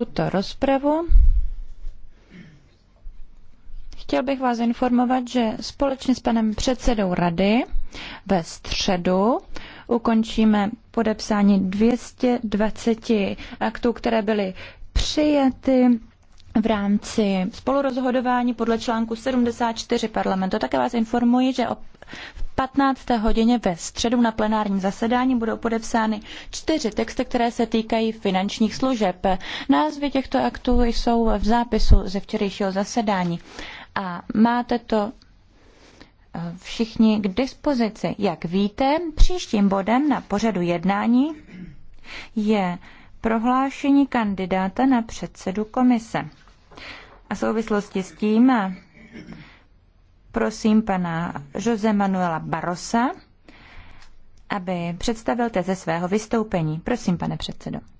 tuto rozpravu. Chtěl bych vás informovat, že společně s panem předsedou rady ve středu ukončíme podepsání 220 aktů, které byly přijaty v rámci spolurozhodování podle článku 74 parlamentu. Také vás informuji, že v 15. hodině ve středu na plenárním zasedání budou podepsány čtyři texty, které se týkají finančních služeb. Názvy těchto aktů jsou v zápisu ze včerejšího zasedání. A máte to eh, všichni k dispozici. Jak víte, příštím bodem na pořadu jednání je prohlášení kandidáta na předsedu komise. A souvislosti s tím prosím pana Jose Manuela Barosa, aby představil teze svého vystoupení. Prosím, pane předsedo.